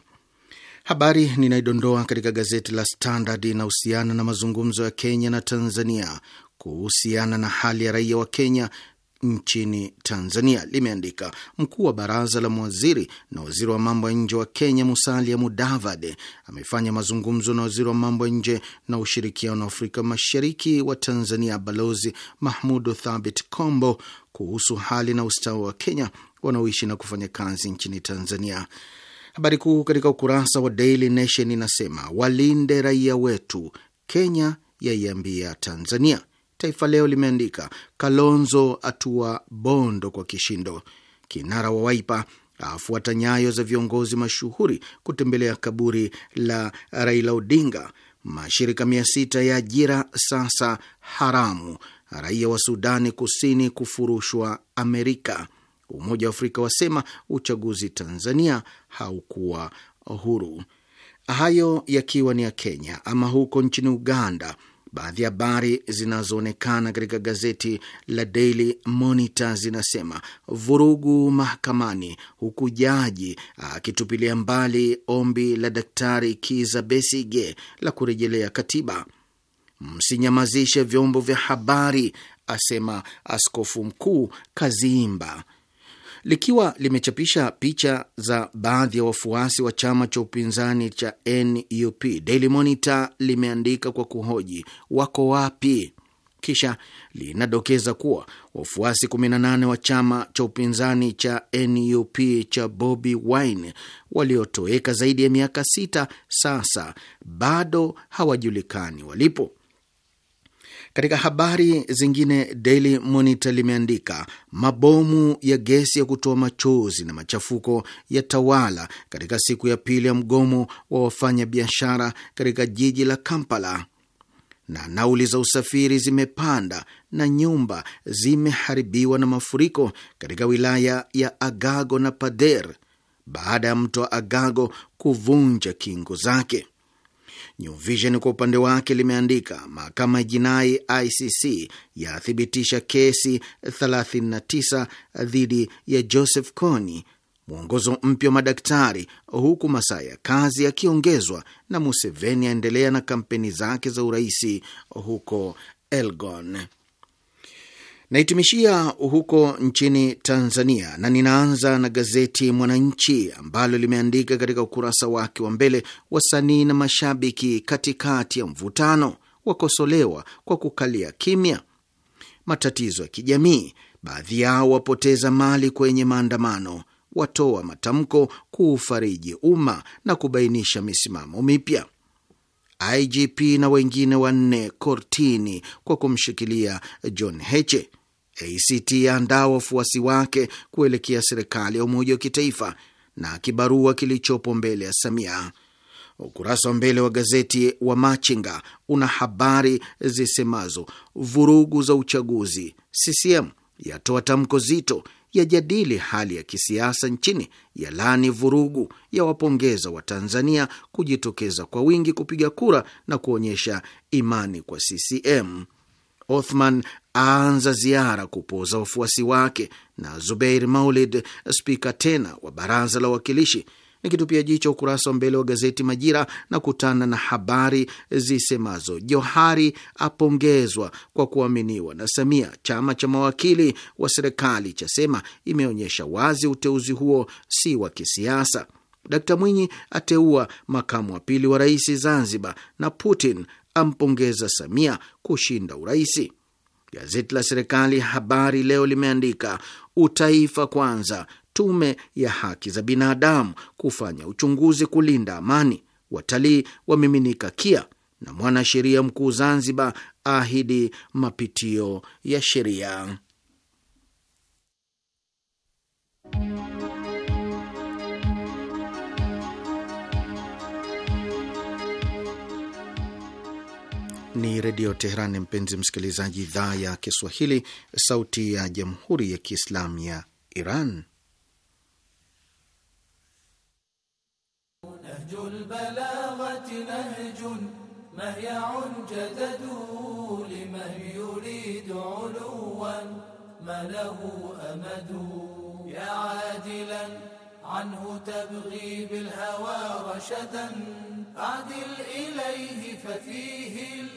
Habari ninaidondoa katika gazeti la Standard inahusiana na mazungumzo ya Kenya na Tanzania kuhusiana na hali ya raia wa Kenya nchini Tanzania limeandika mkuu wa baraza la mawaziri na waziri wa mambo ya nje wa Kenya Musalia Mudavadi amefanya mazungumzo na waziri wa mambo ya nje na ushirikiano wa Afrika Mashariki wa Tanzania Balozi Mahmudu Thabit Kombo kuhusu hali na ustawi wa Kenya wanaoishi na kufanya kazi nchini Tanzania. Habari kuu katika ukurasa wa Daily Nation inasema walinde raia wetu, Kenya yaiambia Tanzania. Taifa Leo limeandika Kalonzo atua Bondo kwa kishindo. Kinara wa Waipa afuata nyayo za viongozi mashuhuri kutembelea kaburi la Raila Odinga. Mashirika mia sita ya ajira sasa haramu. Raia wa Sudani Kusini kufurushwa Amerika. Umoja wa Afrika wasema uchaguzi Tanzania haukuwa huru. Hayo yakiwa ni ya Kenya. Ama huko nchini Uganda, Baadhi ya habari zinazoonekana katika gazeti la Daily Monitor zinasema vurugu mahakamani, huku jaji akitupilia mbali ombi la Daktari Kiza Besige la kurejelea katiba. Msinyamazishe vyombo vya habari, asema askofu mkuu Kazimba likiwa limechapisha picha za baadhi ya wafuasi wa chama cha upinzani cha NUP, Daily Monitor limeandika kwa kuhoji wako wapi? Kisha linadokeza kuwa wafuasi 18 wa chama cha upinzani cha NUP cha Bobi Wine waliotoweka zaidi ya miaka sita sasa bado hawajulikani walipo. Katika habari zingine, Daily Monitor limeandika mabomu ya gesi ya kutoa machozi na machafuko ya tawala katika siku ya pili ya mgomo wa wafanyabiashara katika jiji la Kampala, na nauli za usafiri zimepanda na nyumba zimeharibiwa na mafuriko katika wilaya ya Agago na Pader baada ya mto wa Agago kuvunja kingo zake. New Vision kwa upande wake limeandika mahakama ya jinai ICC yathibitisha kesi 39 dhidi ya Joseph Kony, mwongozo mpya wa madaktari, huku masaa ya kazi yakiongezwa, na Museveni aendelea na kampeni zake za uraisi huko Elgon. Naitumishia huko nchini Tanzania na ninaanza na gazeti Mwananchi ambalo limeandika katika ukurasa wake wa mbele, wasanii na mashabiki katikati ya mvutano wakosolewa kwa kukalia kimya. Matatizo ya kijamii, baadhi yao wapoteza mali kwenye maandamano, watoa matamko kuufariji umma na kubainisha misimamo mipya. IGP na wengine wanne kortini kwa kumshikilia John Heche. ACT yaandaa wafuasi wake kuelekea serikali ya umoja wa kitaifa na kibarua kilichopo mbele ya Samia. Ukurasa wa mbele wa gazeti wa Machinga una habari zisemazo vurugu za uchaguzi, CCM yatoa tamko zito, yajadili hali ya kisiasa nchini, yalani vurugu, yawapongeza Watanzania kujitokeza kwa wingi kupiga kura na kuonyesha imani kwa CCM. Othman aanza ziara kupoza wafuasi wake, na Zubeir Maulid, spika tena wa baraza la wawakilishi. kitupia jicho ukurasa wa mbele wa gazeti Majira na kutana na habari zisemazo: Johari apongezwa kwa kuaminiwa na Samia. Chama cha mawakili wa serikali chasema imeonyesha wazi uteuzi huo si wa kisiasa. Dkt Mwinyi ateua makamu wa pili wa rais Zanzibar, na Putin ampongeza Samia kushinda uraisi. Gazeti la serikali Habari Leo limeandika utaifa kwanza, tume ya haki za binadamu kufanya uchunguzi kulinda amani, watalii wamiminika KIA na mwanasheria mkuu Zanzibar ahidi mapitio ya sheria. ni Redio Teheran. Mpenzi msikilizaji, idhaa ya Kiswahili, sauti ya jamhuri ya kiislamu ya Iran. Anhu tabghi bilhawa rashadan adil ilayhi fafihi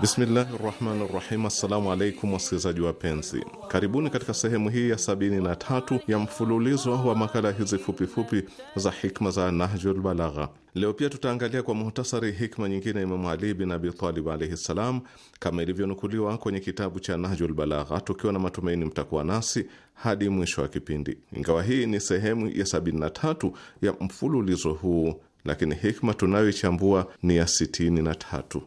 Bismillahi rahmani rahim. Assalamu alaikum wasikilizaji wapenzi, karibuni katika sehemu hii ya sabini na tatu ya mfululizo wa makala hizi fupifupi za hikma za Nahjul Balagha. Leo pia tutaangalia kwa muhtasari hikma nyingine ya Imamu Ali bin Abi Talib alaihi ssalam, kama ilivyonukuliwa kwenye kitabu cha Nahjul Balagha, tukiwa na matumaini mtakuwa nasi hadi mwisho wa kipindi. Ingawa hii ni sehemu ya sabini na tatu ya mfululizo huu lakini hikma tunayoichambua ni ya sitini na tatu.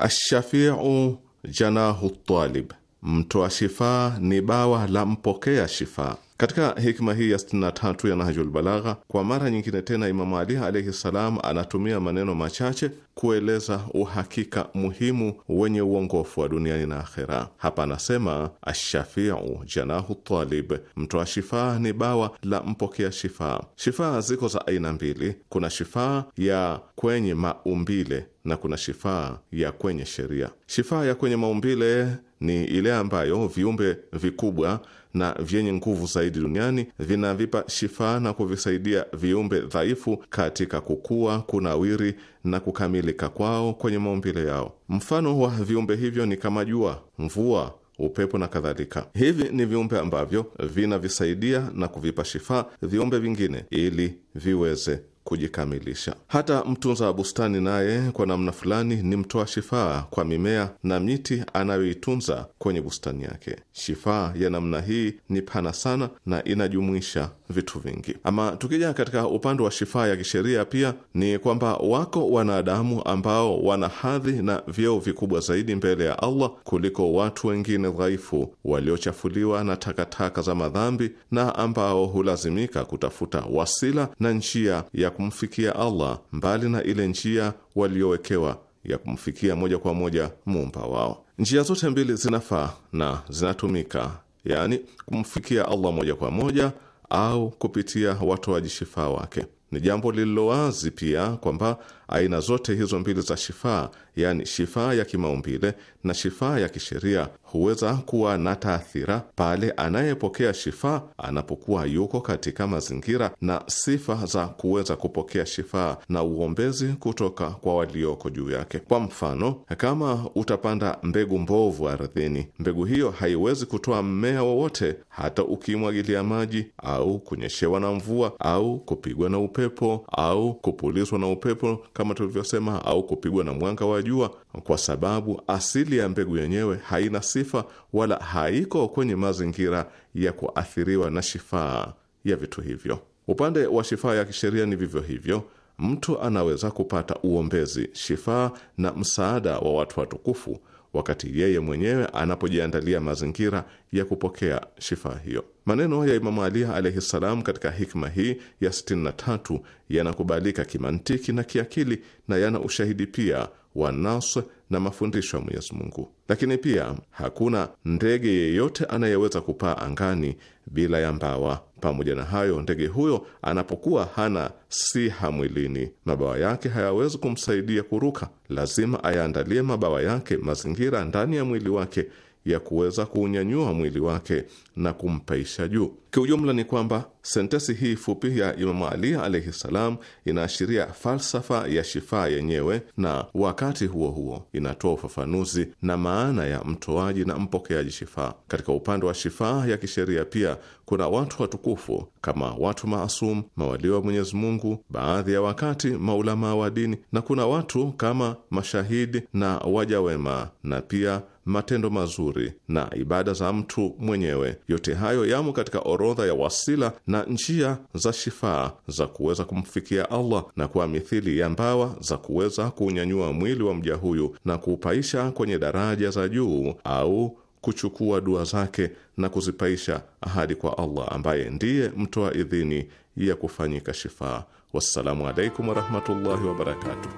Ashafiu janahu talib, mtoa shifaa ni bawa la mpokea shifaa. Katika hikma hii ya 63 ya Nahjul Balagha, kwa mara nyingine tena, Imamu Ali alaihi ssalam anatumia maneno machache kueleza uhakika muhimu wenye uongofu wa duniani na akhera. Hapa anasema ashafiu janahu talib, mtoa shifaa ni bawa la mpokea shifaa. Shifaa ziko za aina mbili, kuna shifaa ya kwenye maumbile na kuna shifaa ya kwenye sheria. Shifaa ya kwenye maumbile ni ile ambayo viumbe vikubwa na vyenye nguvu zaidi duniani vinavipa shifaa na kuvisaidia viumbe dhaifu katika kukua, kunawiri na kukamilika kwao kwenye maumbile yao. Mfano wa viumbe hivyo ni kama jua, mvua, upepo na kadhalika. Hivi ni viumbe ambavyo vinavisaidia na kuvipa shifaa viumbe vingine ili viweze kujikamilisha. Hata mtunza wa bustani naye kwa namna fulani ni mtoa shifaa kwa mimea na miti anayoitunza kwenye bustani yake. Shifaa ya namna hii ni pana sana na inajumuisha vitu vingi. Ama tukija katika upande wa shifaa ya kisheria, pia ni kwamba wako wanadamu ambao wana hadhi na vyeo vikubwa zaidi mbele ya Allah kuliko watu wengine dhaifu waliochafuliwa na takataka za madhambi na ambao hulazimika kutafuta wasila na njia ya kumfikia Allah mbali na ile njia waliowekewa ya kumfikia moja kwa moja muumba wao. Njia zote mbili zinafaa na zinatumika, yaani kumfikia Allah moja kwa moja au kupitia watoaji shifaa wake. Ni jambo lililo wazi pia kwamba aina zote hizo mbili za shifaa, yaani shifaa ya kimaumbile na shifaa ya kisheria, huweza kuwa na taathira pale anayepokea shifaa anapokuwa yuko katika mazingira na sifa za kuweza kupokea shifaa na uombezi kutoka kwa walioko juu yake. Kwa mfano, kama utapanda mbegu mbovu ardhini, mbegu hiyo haiwezi kutoa mmea wowote, hata ukimwagilia maji au kunyeshewa na mvua au kupigwa na upepo upepo au kupulizwa na upepo kama tulivyosema, au kupigwa na mwanga wa jua, kwa sababu asili ya mbegu yenyewe haina sifa wala haiko kwenye mazingira ya kuathiriwa na shifaa ya vitu hivyo. Upande wa shifaa ya kisheria ni vivyo hivyo. Mtu anaweza kupata uombezi, shifaa na msaada wa watu watukufu wakati yeye mwenyewe anapojiandalia mazingira ya kupokea shifa hiyo. Maneno ya Imamu Ali alaihi ssalam katika hikma hii ya 63 yanakubalika kimantiki na kiakili na yana ushahidi pia wa nas na mafundisho ya Mwenyezi Mungu, lakini pia hakuna ndege yeyote anayeweza kupaa angani bila ya mbawa. Pamoja na hayo, ndege huyo anapokuwa hana siha mwilini, mabawa yake hayawezi kumsaidia kuruka. Lazima ayaandalie mabawa yake mazingira ndani ya mwili wake ya kuweza kuunyanyua mwili wake na kumpaisha juu. Kiujumla ni kwamba sentesi hii fupi ya Imamu Ali alaihi ssalam inaashiria falsafa ya shifaa yenyewe, na wakati huo huo inatoa ufafanuzi na maana ya mtoaji na mpokeaji shifaa. Katika upande wa shifaa ya kisheria pia kuna watu watukufu kama watu maasum, mawalio wa Mwenyezi Mungu, baadhi ya wakati maulamaa wa dini, na kuna watu kama mashahidi na waja wema, na pia matendo mazuri na ibada za mtu mwenyewe yote hayo yamo katika orodha ya wasila na njia za shifaa za kuweza kumfikia Allah, na kwa mithili ya mbawa za kuweza kuunyanyua mwili wa mja huyu na kuupaisha kwenye daraja za juu au kuchukua dua zake na kuzipaisha ahadi kwa Allah ambaye ndiye mtoa idhini ya kufanyika shifaa. Wassalamu alaikum warahmatullahi wabarakatuh.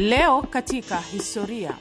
Leo katika historia.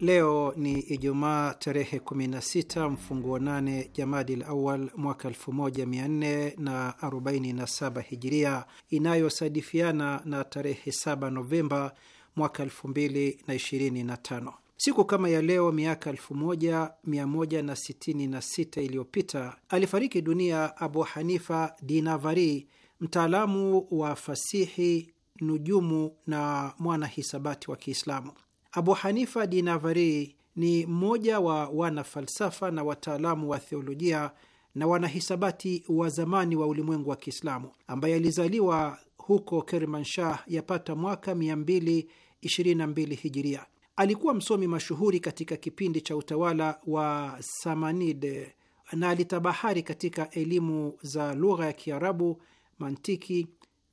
Leo ni Ijumaa tarehe 16 mfunguo nane Jamadil Awal mwaka 1447 Hijiria, inayosadifiana na tarehe 7 Novemba mwaka 2025. Siku kama ya leo miaka 1166 iliyopita alifariki dunia Abu Hanifa Dinavari, mtaalamu wa fasihi, nujumu na mwana hisabati wa Kiislamu. Abu Hanifa Dinavari ni mmoja wa wanafalsafa na wataalamu wa theolojia na wanahisabati wa zamani wa ulimwengu wa Kiislamu ambaye alizaliwa huko Kermanshah yapata mwaka 222 hijiria. Alikuwa msomi mashuhuri katika kipindi cha utawala wa Samanide na alitabahari katika elimu za lugha ya Kiarabu, mantiki,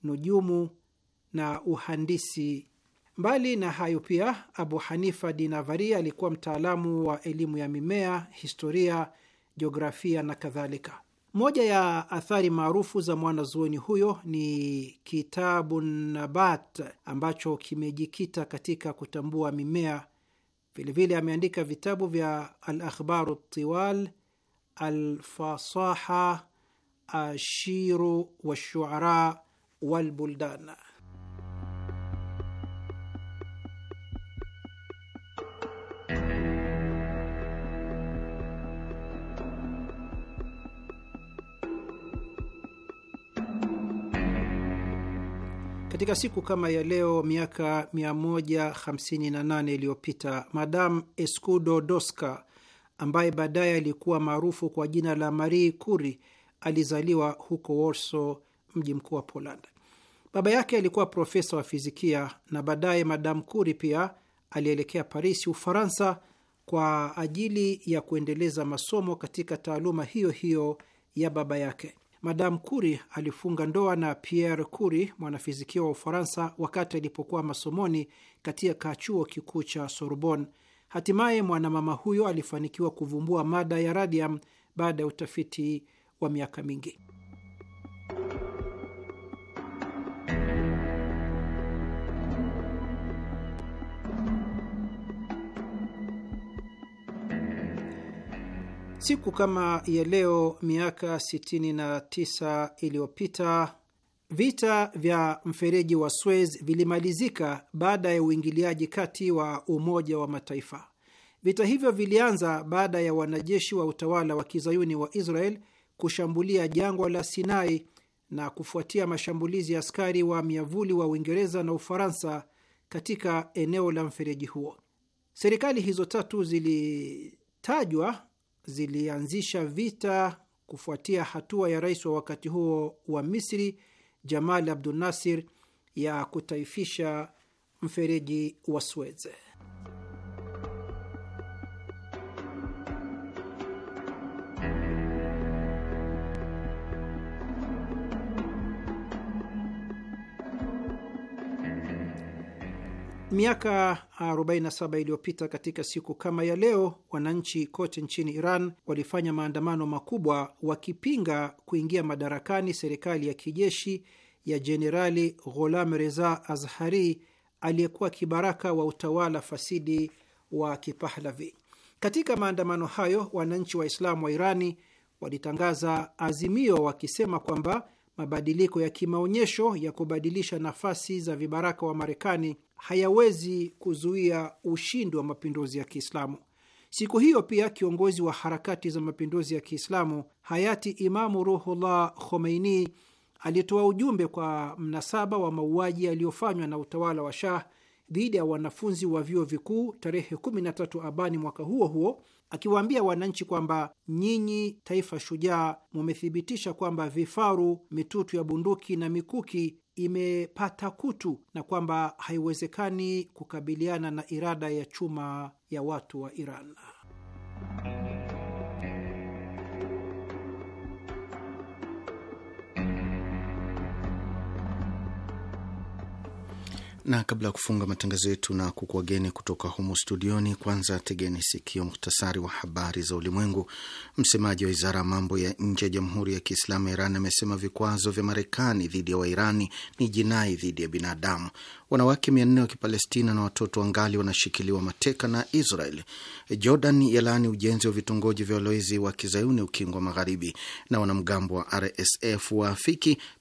nujumu na uhandisi. Mbali na hayo pia, Abu Hanifa Dinavari alikuwa mtaalamu wa elimu ya mimea, historia, jiografia na kadhalika. Moja ya athari maarufu za mwanazuoni huyo ni kitabu Nabat ambacho kimejikita katika kutambua mimea. Vilevile ameandika vitabu vya Alakhbaru Tiwal, Alfasaha, Ashiru Washuara Walbuldana. Katika siku kama ya leo miaka 158 iliyopita, Madam Doska ambaye baadaye alikuwa maarufu kwa jina la Marie Curie alizaliwa huko Warsaw, mji mkuu wa Poland. Baba yake alikuwa profesa wa fizikia na baadaye Madam Curie pia alielekea Paris, Ufaransa, kwa ajili ya kuendeleza masomo katika taaluma hiyo hiyo ya baba yake. Madam Curie alifunga ndoa na Pierre Curie, mwanafizikia wa Ufaransa, wakati alipokuwa masomoni katika chuo kikuu cha Sorbonne. Hatimaye mwanamama huyo alifanikiwa kuvumbua mada ya radium baada ya utafiti wa miaka mingi. Siku kama ya leo miaka 69 iliyopita vita vya mfereji wa Suez vilimalizika baada ya uingiliaji kati wa Umoja wa Mataifa. Vita hivyo vilianza baada ya wanajeshi wa utawala wa kizayuni wa Israel kushambulia jangwa la Sinai na kufuatia mashambulizi ya askari wa miavuli wa Uingereza na Ufaransa katika eneo la mfereji huo. Serikali hizo tatu zilitajwa zilianzisha vita kufuatia hatua ya rais wa wakati huo wa Misri Jamal abdunasir ya kutaifisha mfereji wa Suez. Miaka 47 iliyopita katika siku kama ya leo, wananchi kote nchini Iran walifanya maandamano makubwa wakipinga kuingia madarakani serikali ya kijeshi ya Jenerali Gholam Reza Azhari aliyekuwa kibaraka wa utawala fasidi wa Kipahlavi. Katika maandamano hayo, wananchi Waislamu wa Irani walitangaza azimio wakisema kwamba mabadiliko ya kimaonyesho ya kubadilisha nafasi za vibaraka wa Marekani hayawezi kuzuia ushindi wa mapinduzi ya Kiislamu. Siku hiyo pia kiongozi wa harakati za mapinduzi ya Kiislamu hayati Imamu Ruhullah Khomeini alitoa ujumbe kwa mnasaba wa mauaji yaliyofanywa na utawala wa Shah dhidi ya wanafunzi wa vyuo vikuu tarehe 13 Abani mwaka huo huo, akiwaambia wananchi kwamba nyinyi, taifa shujaa, mumethibitisha kwamba vifaru, mitutu ya bunduki na mikuki imepata kutu na kwamba haiwezekani kukabiliana na irada ya chuma ya watu wa Iran. na kabla ya kufunga matangazo yetu na kukuageni kutoka humo studioni, kwanza tegeni sikio muhtasari wa habari za ulimwengu. Msemaji wa wizara ya mambo ya nje ya Jamhuri ya Kiislamu ya Iran amesema vikwazo vya Marekani dhidi ya Wairani ni jinai dhidi ya binadamu. Wanawake mia nne wa Kipalestina na watoto wangali wanashikiliwa mateka na Israel. Jordan yalaani ujenzi wa vitongoji vya walowezi wa kizayuni ukingo wa Magharibi, na wanamgambo wa RSF waafiki